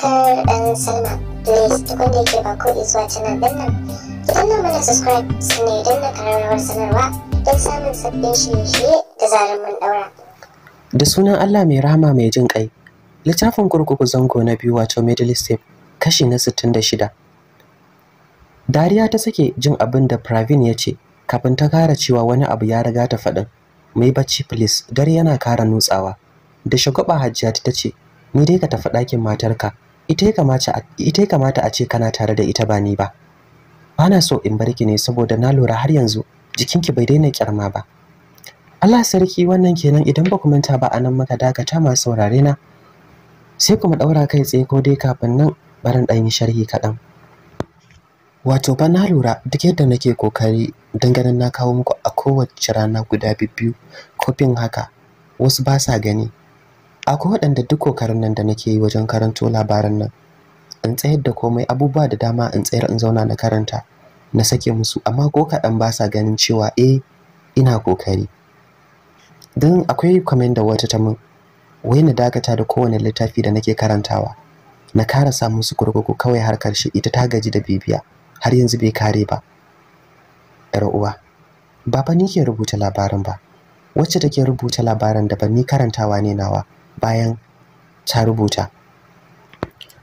subscribe and sign up. Please tukun da yake ba ko zuwa canal din nan. Ki danna mana subscribe sannan ya danna kararrawar sanarwa don samun sabbin shirye-shirye da zarar mun daura. Da sunan Allah mai rahama mai jin ƙai, Littafin kurkuku zango na biyu wato Middle Step kashi na 66. Dariya ta sake jin abin da Pravin ya ce kafin ta kara cewa wani abu ya riga ta faɗin. Mai bacci please dare yana kara nutsawa. Da shagwaba Hajjiyatu ta ce ni dai ka tafi ɗakin matarka ita ya kamata a ce kana tare da ita ba ni ba bana so in bar ki ne saboda na lura har yanzu jikin ki bai daina kyarma ba Allah sarki wannan kenan idan ba ku manta ba anan maka dakata masu saurare na sai kuma daura kai tsaye ko dai kafin nan barin dan yi sharhi kaɗan wato ba na lura duk yadda nake kokari dan ganin na kawo muku a kowace rana guda biyu kofin haka wasu ba sa gani akwai waɗanda duk kokarin nan da nake yi wajen karanto labaran nan in tsayar da komai abubuwa da dama in tsayar in zauna na karanta na sake musu amma ko kaɗan ba sa ganin cewa eh ina kokari don akwai kwamen da wata ta min wai na dakata da kowane littafi da nake karantawa na samun musu kurkuku kawai har karshe ita ta gaji da bibiya har yanzu bai kare ba yar uwa ba fa ni ke rubuta labarin ba wacce take rubuta labarin da ba ni karantawa ne nawa bayan ta rubuta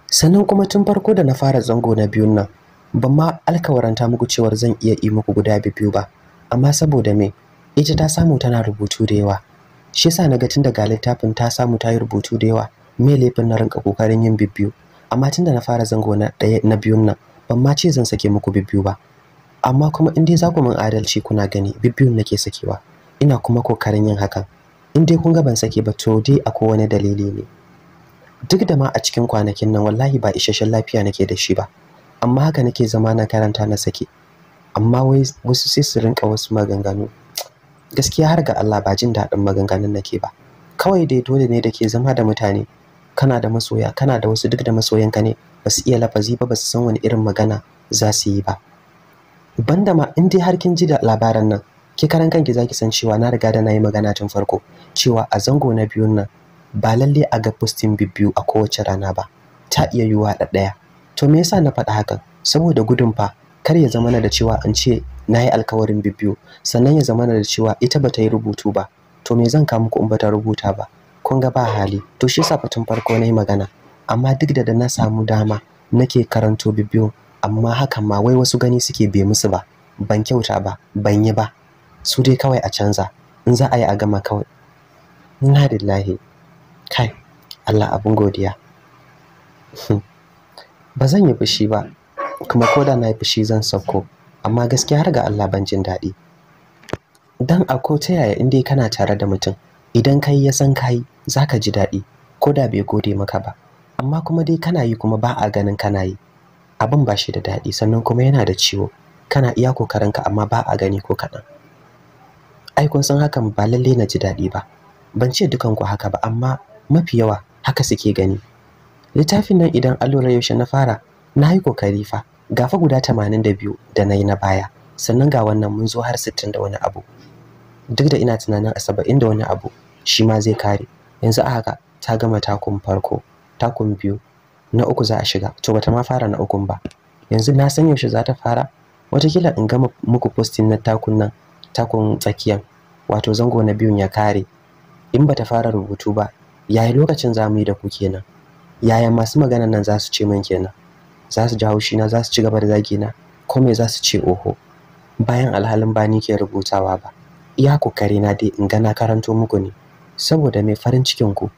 sannan kuma tun farko da na fara zango na biyun nan ban ma alkawaranta muku cewar zan iya yi muku guda biyu ba amma saboda me ita ta samu tana rubutu da yawa shi yasa naga tun daga littafin ta samu ta yi rubutu da yawa me laifin na rinka kokarin yin biyu. amma tun da na fara zango na ɗaya na biyun nan ban ma ce zan sake muku bibbiyu ba amma kuma in dai za ku min adalci kuna gani bibbiyun nake sakewa ina kuma kokarin yin hakan in dai kun ga ban sake ba to dai akwai wani dalili ne duk da ma a cikin kwanakin nan wallahi ba isasshen lafiya nake da shi ba amma haka nake zama na karanta na sake amma wai wasu sai su rinka wasu maganganu gaskiya har ga Allah ba jin daɗin maganganun nake ba kawai dai dole ne da ke zama da mutane kana da masoya kana da wasu duk da masoyanka ne ba su iya lafazi ba ba su san wani irin magana za su yi ba banda ma in dai har kin ji da labaran nan ki karan kanki zaki san cewa na riga da na yi magana tun farko cewa a zango na biyun nan ba lalle a ga postin bibbiyu a kowace rana ba ta iya yiwuwa da ɗaya to me yasa na faɗa hakan saboda gudun fa kar ya zama na da cewa an ce nayi alkawarin bibbiyu sannan ya zama na da cewa ita ba ta yi rubutu ba to me zan kawo muku in ba ta rubuta ba kun ga ba hali to shi yasa fa tun farko na yi magana amma duk da da na samu dama nake karanto bibiyo amma hakan ma wai wasu gani suke bai musu ba ban kyauta ba ban yi ba su dai kawai a canza in za a yi a gama kawai inna lillahi kai Allah abin godiya ba zan yi fushi ba kuma ko na yi fushi zan sauko amma gaskiya har ga Allah ban jin daɗi dan a ko ta yaya in dai kana tare da mutum idan kai ya san kai zaka ji daɗi ko da bai gode maka ba amma kuma dai kana yi kuma ba a ganin kana yi abin ba shi da daɗi sannan kuma yana da ciwo kana iya kokarinka amma ba a gani ko kaɗan ai kun san hakan ba lalle na ji daɗi ba ban ce dukan ku haka ba amma mafi yawa haka suke gani littafin nan idan an yaushe na fara na yi kokari fa gafa guda 82 da na yi na baya sannan ga wannan mun zo har 60 da wani abu duk da ina tunanin a 70 da wani abu shi ma zai kare yanzu a haka ta gama takun farko takun biyu na uku za a shiga to bata ma fara na ukun ba yanzu na san yaushe za ta fara watakila in gama muku postin na takun nan takun tsakiyar wato zango na biyun ya kare in bata fara rubutu ba yayi lokacin zamu yi da ku kenan yaya masu maganan nan za su ce min kenan za su ji haushi na za su ci gaba da zagi na ko me za su ce oho bayan alhalin ba ni ke rubutawa ba iya kokari na dai in gana karanto muku ne saboda mai farin cikin ku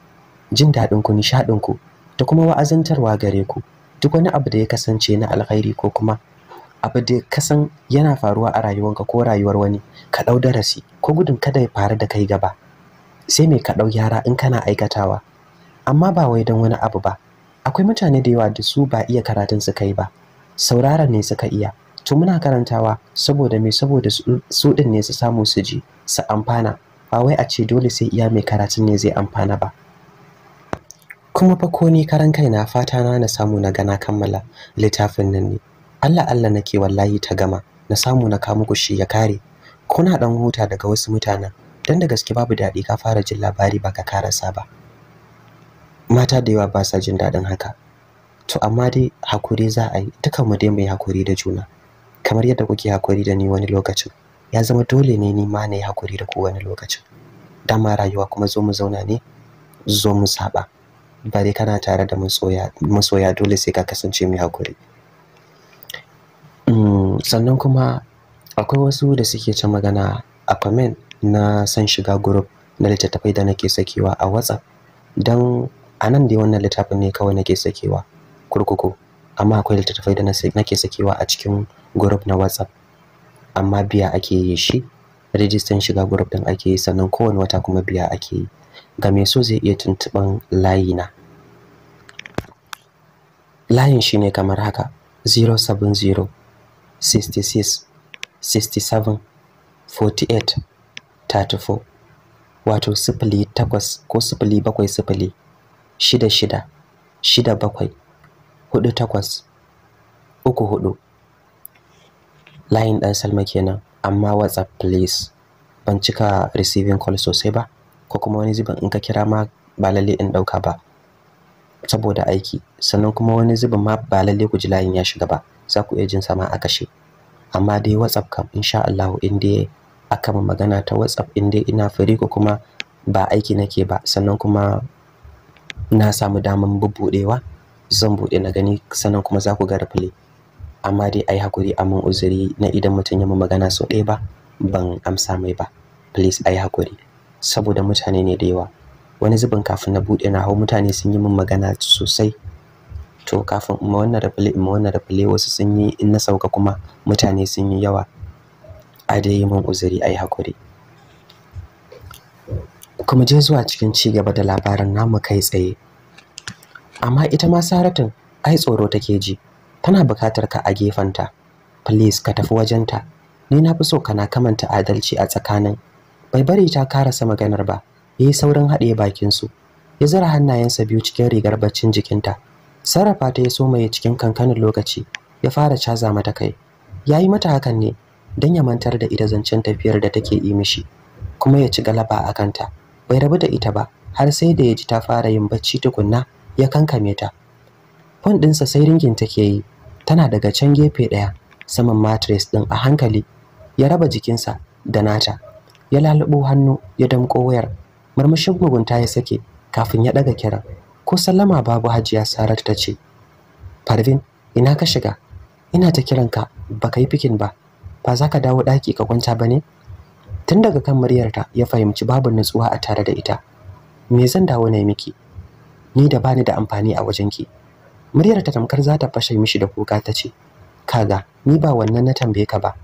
jin daɗin ku nishaɗin ku da kuma wa'azantarwa gare ku duk wani abu da ya kasance na alkhairi ko kuma abu da kasan yana faruwa a rayuwanka ko rayuwar wani ka ɗau darasi ko gudun kada ya faru da kai gaba sai mai ka ɗau yara in kana aikatawa amma ba wai don wani abu ba akwai mutane da yawa da su ba iya karatun su kai ba saurara ne suka iya to muna karantawa saboda me saboda su ɗin ne su samu su ji su amfana ba wai a ce dole sai iya mai karatun ne zai amfana ba kuma fa ko ni karan kaina fata na na samu na gana kammala littafin nan ne Allah Allah nake wallahi ta gama na samu na kawo muku shi ya kare kuna dan huta daga wasu mutanen dan da gaske babu daɗi ka fara jin labari baka karasa ba mata da yawa ba sa jin dadin haka to amma dai hakuri za a yi dukan mu dai mu yi hakuri da juna kamar yadda kuke hakuri da ni wani lokacin ya zama dole ne ni ma na yi hakuri da ku wani lokacin ma rayuwa kuma zo mu zauna ne zo mu saba bare kana tare da masoya dole sai ka kasance mai hakuri sannan kuma akwai wasu da suke ta magana a comment na san shiga group na littattafai da nake sakewa a WhatsApp don a nan dai wannan littafin ne kawai nake sakewa kurkuku amma akwai littattafai da nake sakewa a cikin group na WhatsApp amma biya ake yi shi rijistan shiga group din ake yi sannan kowane wata kuma biya ake yi ga mai so zai iya tuntuɓan layi na layin ne kamar haka 070 66 67 48 34 wato sifili takwas ko sifili bakwai sifili shida shida shida bakwai hudu takwas uku hudu layin ɗan salma kenan amma whatsapp please ban cika receiving call sosai ba ko kuma wani zubin in ka kira ma ba lalle in ɗauka ba saboda aiki sannan kuma wani zubin ma ba lalle ku ji layin ya shiga ba za ku iya jin sama a kashe amma dai WhatsApp kam insha Allah in dai aka ma magana ta WhatsApp in dai ina fari ko kuma ba aiki nake ba sannan kuma na samu daman bubbudewa zan bude na gani sannan kuma za ku ga rafle amma dai ai hakuri mun uzuri na idan mutum ya magana so ɗaya ba ban amsa mai ba please ai hakuri saboda mutane ne da yawa wani zubin kafin na bude na hau mutane sun yi min magana sosai to kafin in wannan in wannan rafle wasu sun yi in na sauka kuma mutane sun yi yawa a dai yi min uzuri ai hakuri kuma je zuwa cikin ci gaba da labarin namu kai tsaye amma ita ma Saratun ai tsoro take ji tana bukatar ka a gefen ta. please ka tafi wajenta ni na fi so kana kamanta adalci a tsakanin bai bari ta karasa maganar ba yayi saurin haɗe bakin su ya zura hannayensa biyu cikin rigar baccin jikinta sarrafa ta ya mai cikin kankanin lokaci ya fara caza mata kai ya yi mata hakan ne don ya mantar da ita zancen tafiyar da take yi mishi kuma ya ci galaba a kanta bai rabu da ita ba har sai da ya ji ta fara yin bacci tukunna ya kankame ta fon ɗinsa sai ringin take yi tana daga can gefe ɗaya saman matres ɗin a hankali ya raba jikinsa da nata ya lalubo hannu ya damƙo wayar murmushin mugunta ya sake kafin ya ɗaga kiran ko sallama babu hajiya sarar ta ce farvin ina ka shiga ina ta kiranka baka yi fikin ba ba za ka dawo ɗaki ka kwanta ba ne tun daga kan muryarta ya fahimci babu nutsuwa a tare da ita me zan dawo na miki ni da bani da amfani a wajenki muryar ta tamkar za ta fashe mishi da kuka ta ce kaga ni ba wannan na tambaye ka ba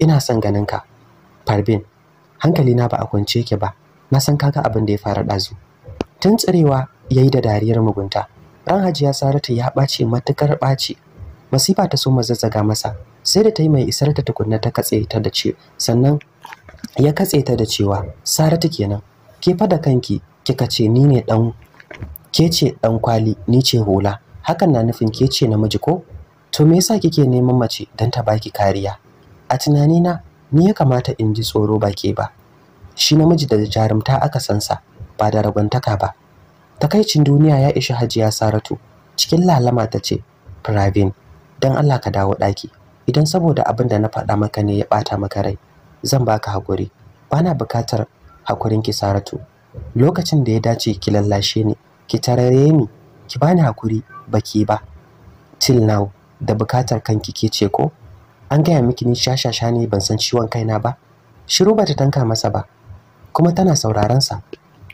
ina son ganin ka farbin hankali na ba a kwance ke ba na san kaga abin da ya fara ɗazu tun tsirewa ya yi da dariyar mugunta ran hajiya saratu ya ɓace matukar ɓaci masifa ta so mazazzaga masa sai da ta yi mai isar ta tukunna ta katse ta da ce sannan ya katse ta da cewa saratu kenan ke fa da kanki kika ce ni ne ɗan ke ce dan kwali ni ce hula hakan na nufin ke ce namiji ko to me yasa kike neman mace dan ta baki kariya a tunanina ni ya kamata in ji tsoro ba ke ba shi namiji da jarumta aka sansa ba da ragwantaka ba takaicin duniya ya ishi hajiya saratu cikin lalama ta ce pravin don allah ka dawo ɗaki idan saboda abin da na faɗa maka ne ya ɓata maka rai zan baka hakuri bana bukatar hakurin ki saratu lokacin da ya dace ki lallashe ni ki tarare ni ki bani hakuri baki ba till now da bukatar kanki ke ce ko an gaya miki ni shashasha ne ban san ciwon kaina ba shiru bata tanka masa ba kuma tana sauraron sa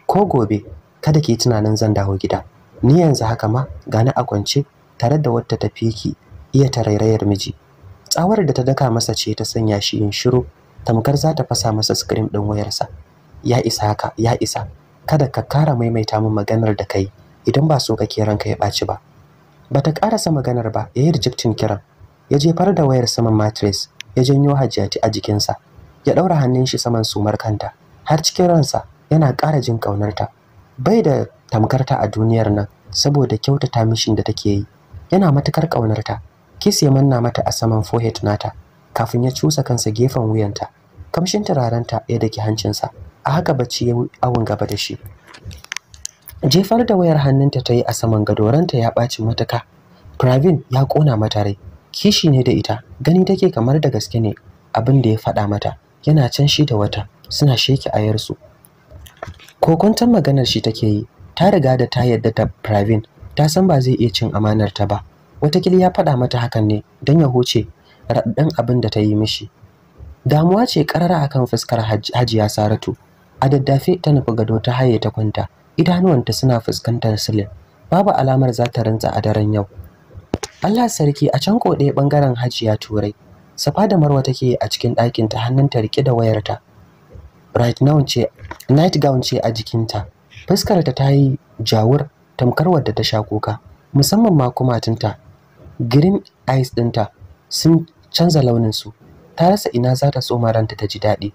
ko gobe kada ki tunanin zan dawo gida ni yanzu haka ma gani a kwance tare da wata tafi ki iya tarairayar miji tsawar da ta daka masa ce ta sanya shi yin shiru tamkar za ta fasa masa screen ɗin wayarsa ya isa haka ya isa kada ka kara maimaita min maganar da kai idan ba so kake ranka ya ɓaci ba bata karasa maganar ba ya yi rejectin kiran ya jefar da wayar saman mattress ya janyo hajjati a jikinsa ya ɗaura hannun shi saman sumar kanta har cikin ransa yana ƙara jin ƙaunarta bai da tamkarta a duniyar nan saboda kyautata mishin da take yi yana matukar ƙaunarta kis ya manna mata a saman forehead nata kafin ya cusa kansa gefen wuyanta kamshin turarenta ya daki hancinsa a haka bacci ya awon gaba da shi jefar da wayar hannunta ta yi a saman gadoranta ya ɓaci matuka pravin ya ƙona mata rai kishi ne da ita gani take kamar da gaske ne abin da ya faɗa mata yana can shi da wata suna sheke ayarsu ko kwantan maganar shi take yi ta riga da ta yarda ta Pravin ta san ba zai iya cin amanar ta ba watakila ya faɗa mata hakan ne don ya huce raɗaɗɗen abin da ta yi mishi damuwa ce ƙarara akan fuskar hajiya saratu a daddafe ta nufi gado ta haye ta kwanta idanuwanta suna fuskantar silin babu alamar za ta rantsa a daren yau Allah sarki a can ko ɗaya ɓangaren hajiya turai safa da marwa take a cikin ɗakin ta hannunta riƙe da wayarta bright gown ce night gown ce a jikinta fuskarta ta yi jawur tamkar wadda ta sha kuka musamman ma kumatunta green eyes ɗinta sun canza launin su ta rasa ina za ta tsoma ranta ta ji daɗi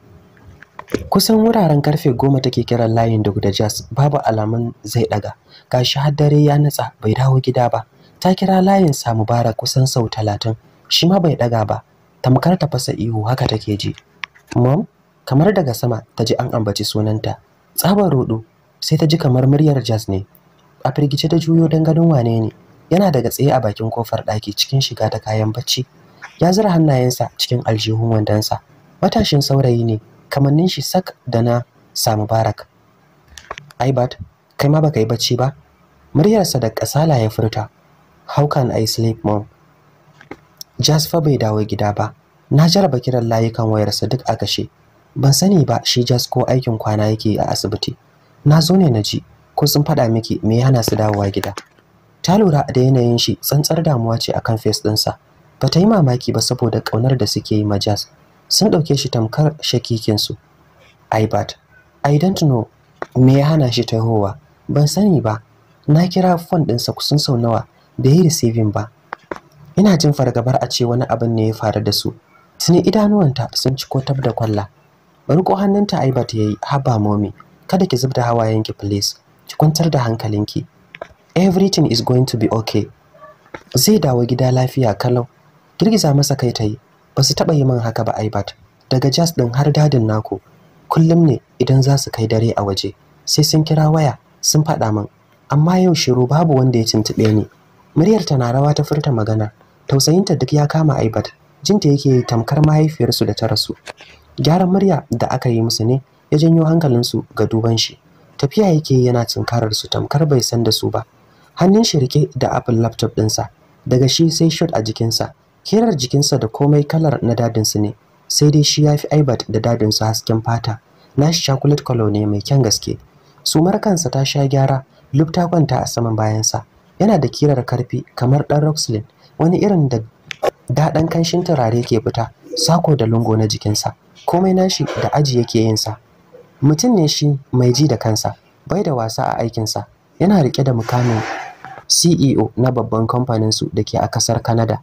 kusan wuraren karfe goma take kiran layin da guda jazz babu alamun zai ɗaga gashi har dare ya natsa bai dawo gida ba ta kira layin sa mubarak kusan sau talatin shi ma bai ɗaga ba tamkar ta fasa ihu haka take ji mom kamar daga sama ta ji an ambaci sunanta tsabar rodo sai ta ji kamar muryar jazz ne a firgice ta juyo don ganin wane ne yana daga tsaye a bakin kofar ɗaki cikin shiga da kayan bacci ya zura hannayensa cikin aljihun wandonsa matashin saurayi ne kamannin shi sak da na samu barak aibat kai ma baka yi bacci ba muryarsa da kasala ya furta how can i sleep mom jas fa bai dawo gida ba na jaraba kiran layukan wayarsa duk a kashe ban sani ba shi jas ko aikin kwana yake a asibiti na zo ne na ji ko sun faɗa miki me yana su dawowa gida ta lura da yanayin shi tsantsar damuwa ce akan face ɗinsa ba ta yi mamaki ba saboda ƙaunar da suke yi ma jas sun ɗauke shi tamkar shakikinsu ai bat i don't know me ya hana shi tahowa ban sani ba na kira fon ɗinsa kusan sau nawa da yi receiving ba ina jin fargabar a ce wani abin ne ya faru da su tuni idanuwanta sun ci ko da kwalla bari ko hannunta Aibat yayi haba mommy kada ki hawayen ki please ki kwantar da hankalinki everything is going to be okay zai dawo gida lafiya kalau girgiza masa kai tai ba su taba yi min haka ba Aibat daga jaz din har dadin naku kullum ne idan za su kai dare a waje sai sun kira waya sun faɗa min amma yau shiru babu wanda ya tuntube ni muryar ta na rawa ta furta magana tausayinta duk ya kama Aibat jinta yake tamkar mahaifiyarsu da ta rasu gyaran murya da aka yi musu ne ya janyo hankalinsu ga duban shi tafiya yake yana tunkarar su tamkar bai san da su ba hannun shi rike da apple laptop ɗinsa daga shi sai shot a jikinsa kerar jikinsa da komai kalar na su ne sai dai shi ya fi aibat da su hasken fata nashi chocolate color ne mai kyan gaske Sumarkansa kansa ta sha gyara lub ta kwanta a saman bayansa yana da kirar karfi kamar ɗan roxlin wani irin da daɗan kanshin turare ke fita sako da lungo na jikinsa komai nashi da aji yake yin sa mutum ne shi mai ji da kansa bai da wasa a aikinsa yana rike da mukamin CEO na babban kamfanin su ke a kasar Canada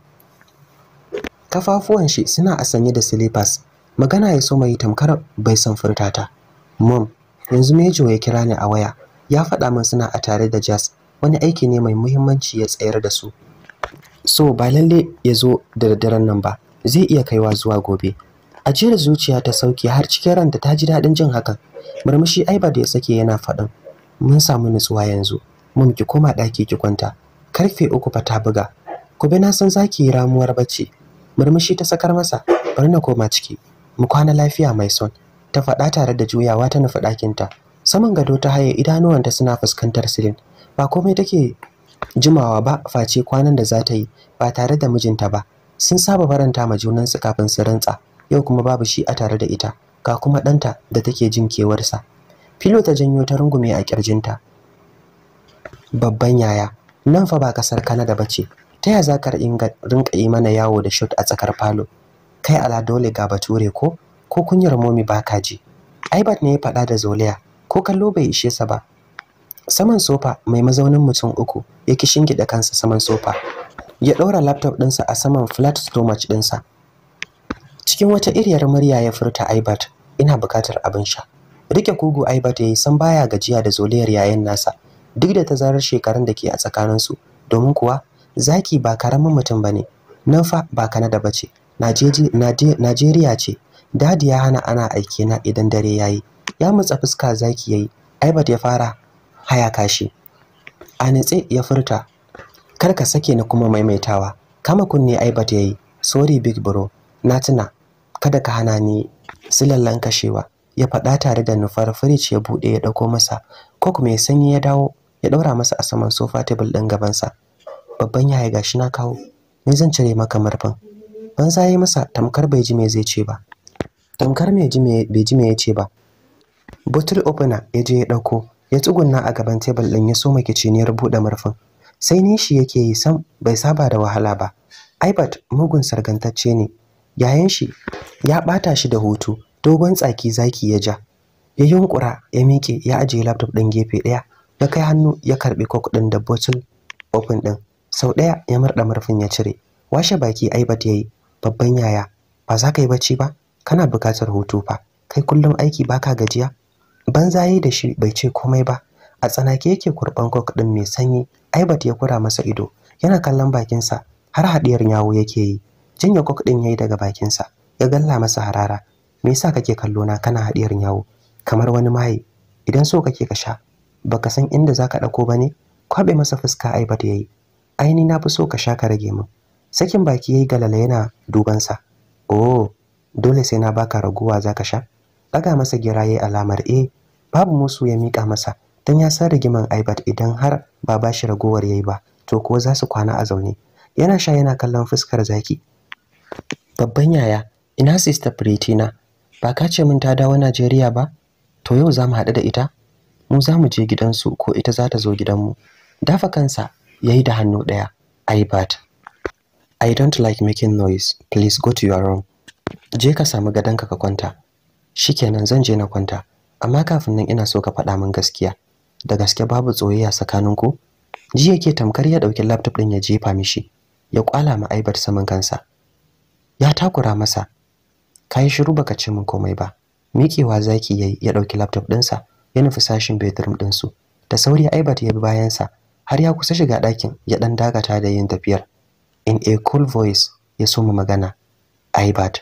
kafafuwan shi suna a sanye da slippers magana ya so mai tamkar bai san furtata mom yanzu mejo ya kira ni a waya ya faɗa min suna a tare da Jazz wani aiki ne mai muhimmanci ya tsayar da su so ba lalle ya zo da daddaren nan ba zai iya kaiwa zuwa gobe A ajiyar zuciya ta sauke har cikin ranta ta ji daɗin jin hakan murmushi aiba da ya sake yana faɗin mun samu nutsuwa yanzu mun ki koma ɗaki ki kwanta karfe uku fa ta buga ku bi na san zaki yi ramuwar bacci murmushi ta sakar masa bari na koma ciki mu kwana lafiya mai son ta faɗa tare da juyawa ta nufi ɗakinta saman gado ta haye idanuwanta suna fuskantar silin ba komai take jimawa ba face kwanan da za ta yi ba tare da mijinta ba sun saba faranta ma junansu kafin su rantsa yau kuma babu shi a tare da ita ga kuma ɗanta da take jin kewarsa filo ta janyo ta rungume a kirjinta babban yaya nan fa ba kasar kanada ba ce ta ya za ka rinka yi mana yawo da shot a tsakar falo kai ala dole ga bature ko ko kunyar momi ba ka ji aibat ne ya faɗa da zoliya ko kallo bai ishe sa ba saman sofa mai mazaunin mutum uku ya kishin gida kansa saman sofa ya ɗaura laptop ɗinsa a saman flat stomach ɗinsa cikin wata iriyar murya ya furta aibat ina buƙatar abin sha rike kugu aibat ya yi san baya gajiya da zoliyar yayin nasa duk da tazarar shekarun da ke a tsakaninsu domin kuwa zaki ba karamin mutum ba ne nan fa ba kanada ba ce najeriya ce dadi ya hana ana aike na idan dare ya yi ya mutsa fuska zaki ya yi aibat ya fara haya kashi. a nitse ya furta kar ka sake ni kuma maimaitawa kama kunne aibat yayi sorry big bro na tuna kada ka hana ni silallan kashewa ya faɗa tare da nufar fridge ya buɗe ya ɗauko masa ko kuma ya sanyi ya dawo ya ɗaura masa a saman sofa table ɗin gabansa babban yaya gashi na kawo ni zan cire maka murfin banza yi masa tamkar bai ji me zai ce ba tamkar mai bai ji me ya ce ba bottle opener ya je ya ɗauko ya tsugunna a gaban table ɗin ya so soma kiciniyar buɗe murfin sai nishi yake yi sam bai saba da wahala ba aibat mugun sargantacce ne yayan shi ya bata shi da hutu dogon tsaki zaki ya ja ya yunkura ya miƙe ya ajiye laptop ɗin gefe ɗaya ya kai hannu ya karɓi kok ɗin da bottle open ɗin sau ɗaya ya murɗa murfin ya cire washe baki aibat ya yi babban yaya ba za ka yi bacci ba kana buƙatar hutu fa kai kullum aiki baka gajiya banza banzaye da shi bai ce komai ba a tsanake yake kurban kok ɗin mai sanyi Aibat ya kura masa ido yana kallon bakinsa har haɗiyar yawo yake yi jinya kok ɗin yi daga bakinsa ya galla masa harara me yasa kake kallo na kana haɗiyar nyawo? kamar wani maye idan so kake ka sha baka san inda zaka ɗauko ba ne kwaɓe masa fuska Aibat yayi aini na fi so ka sha ka rage min sakin baki yayi galala yana dubansa oh dole sai na baka raguwa zaka sha daga masa gira yayi alamar eh babu musu ya mika masa dan ya san rigiman Aibat idan har ba ba shi ragowar yayi ba to ko za su kwana a zaune yana sha yana kallon fuskar zaki babban yaya ina sister Pretina ba ka ce min ta dawo Najeriya ba to yau za mu haɗu da ita mu za mu je gidansu ko ita za ta zo gidanmu dafa kansa yayi da hannu ɗaya Aibat I don't like making noise please go to your room je ka samu gadonka ka kwanta shikenan zan je na kwanta amma kafin nan ina so ka faɗa min gaskiya da gaske babu tsoyayya tsakaninku ji yake tamkar ya dauki laptop din ya jefa mishi ya kwala ma aibar saman kansa ya takura masa kai shiru baka ce min komai ba miƙewa zaki yayi ya dauki laptop dinsa ya nufi sashin bedroom din su da sauri aibar ya bi bayan sa har ya kusa shiga ɗakin ya dan dagata da yin tafiyar in a cool voice ya soma magana aibat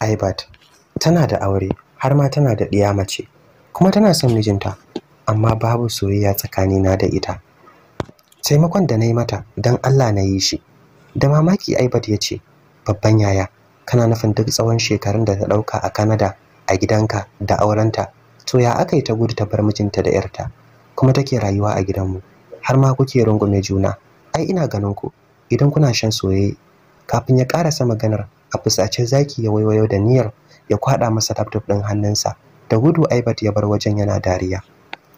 aibat tana da aure har ma tana da ɗiya mace kuma tana son mijinta amma babu soyayya tsakanina da ita taimakon da na yi mata don Allah na yi shi da mamaki aibat ya ce babban yaya kana nufin duk tsawon shekarun da ta ɗauka a Canada a gidanka da aurenta to ya aka yi ta gudu ta bar mijinta da yarta kuma take rayuwa a gidanmu har ma kuke rungume juna ai ina ganin ku idan kuna shan soyayya kafin ya karasa maganar a fusace zaki ya waiwayo da niyyar ya kwaɗa masa laptop ɗin hannunsa da gudu aibat ya bar wajen yana dariya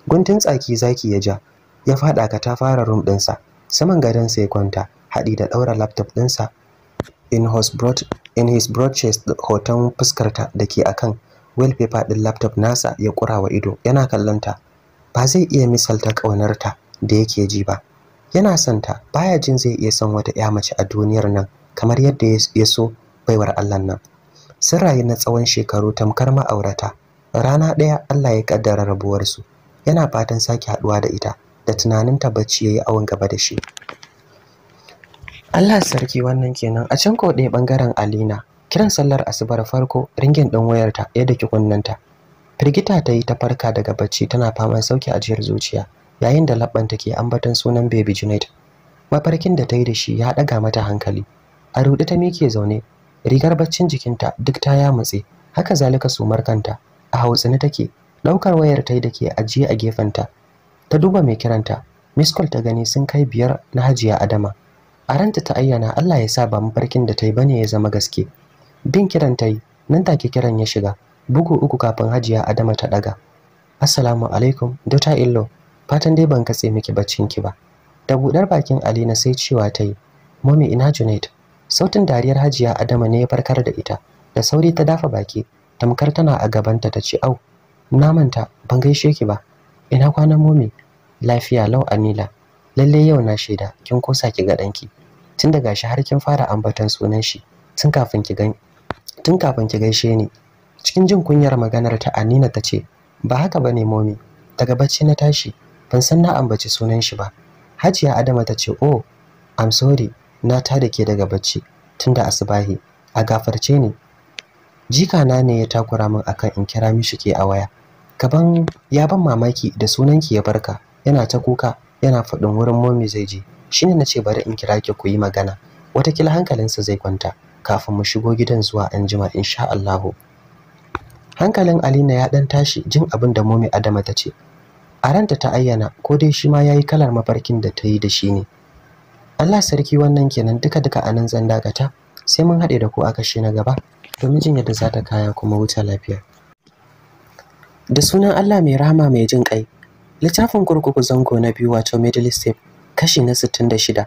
guntun tsaki zaki ya ja ya fada fara room sa saman sa ya kwanta haɗi da ɗaura laptop ɗinsa in his broad in his broad chest hoton fuskarta da ke akan wallpaper ɗin laptop nasa ya kurawa ido yana kallonta ba zai iya misalta ƙaunarta da yake ji ba yana son baya jin zai iya son wata ya mace a duniyar nan kamar yadda ya so baiwar Allah nan sun rayu na tsawon shekaru tamkar ma'aurata rana ɗaya Allah ya kaddara rabuwarsu yana fatan sake haɗuwa da ita da tunaninta bacci ya yi awon gaba da shi Allah sarki wannan kenan a can ko ɓangaren Alina kiran sallar asubar farko ringin ɗin wayarta ya daki kunnanta firgita ta yi ta farka daga bacci tana faman sauki ajiyar zuciya yayin da labban take ambatan sunan baby Junaid mafarkin da ta yi da shi ya daga mata hankali a rudi ta mike zaune rigar baccin jikinta duk ta yamutse haka zalika sumar kanta a hautsini take Daukar wayar ta yi da ke ajiye a gefenta. Ta duba mai kiranta, Miss Call ta gani sun kai biyar na Hajiya Adama. A ranta ta ayyana Allah ya sa ba mafarkin da ta yi bane ya zama gaske. Bin kiran ta yi, nan take kiran ya shiga, bugu uku kafin Hajiya Adama ta daga. Assalamu alaikum, Dota Illo. Fatan dai ban katse miki baccin ki ba. Da budar bakin Alina sai cewa ta yi, "Mommy ina Junaid." Sautin dariyar Hajiya Adama ne ya farkar da ita. Da sauri ta dafa baki, tamkar tana a gabanta ta ce, "Au, na manta ban gaishe ki ba ina kwana momi lafiya lau anila lalle yau na shaida kin kosa ki ga danki tun daga shi har kin fara ambaton sunan shi tun kafin ki gan tun kafin ki gaishe ni cikin jin kunyar maganar ta anina ta ce ba haka bane momi daga bacci na tashi ban san na ambaci sunan shi ba hajiya adama ta ce oh i'm sorry na tada ke daga bacci tunda asubahi a gafarce ni jikana ne ya takura min akan in kira mishi ke a waya kaban ya ban mamaki da sunanki ya barka yana ta kuka yana faɗin wurin momi zai je shine ce bari in kira ki ku yi magana watakila hankalinsa zai kwanta kafin mu shigo gidan zuwa anjima insha Allahu hankalin Alina ya dan tashi jin abin da momi Adama ta ce a ranta ta ayyana ko dai shi ma yayi kalar mafarkin da ta yi da shi ne Allah sarki wannan kenan duka duka anan zan dakata sai mun haɗe da ku a kashe na gaba domin jin yadda za ta kaya kuma wuta lafiya da sunan Allah mai rahama mai jin ƙai littafin kurkuku zango na biyu wato middle step kashi na 66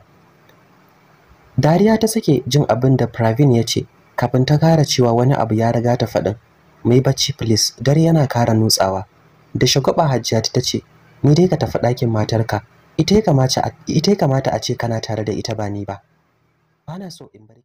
dariya ta sake jin abin da pravin ya ce kafin ta kara cewa wani abu ya riga ta faɗin mai bacci please dare yana kara nutsawa da shagwaba hajjiya ta ce ni dai ka tafi ɗakin matarka ita ya kamata a ce kana tare da ita ba ni ba bana so in bar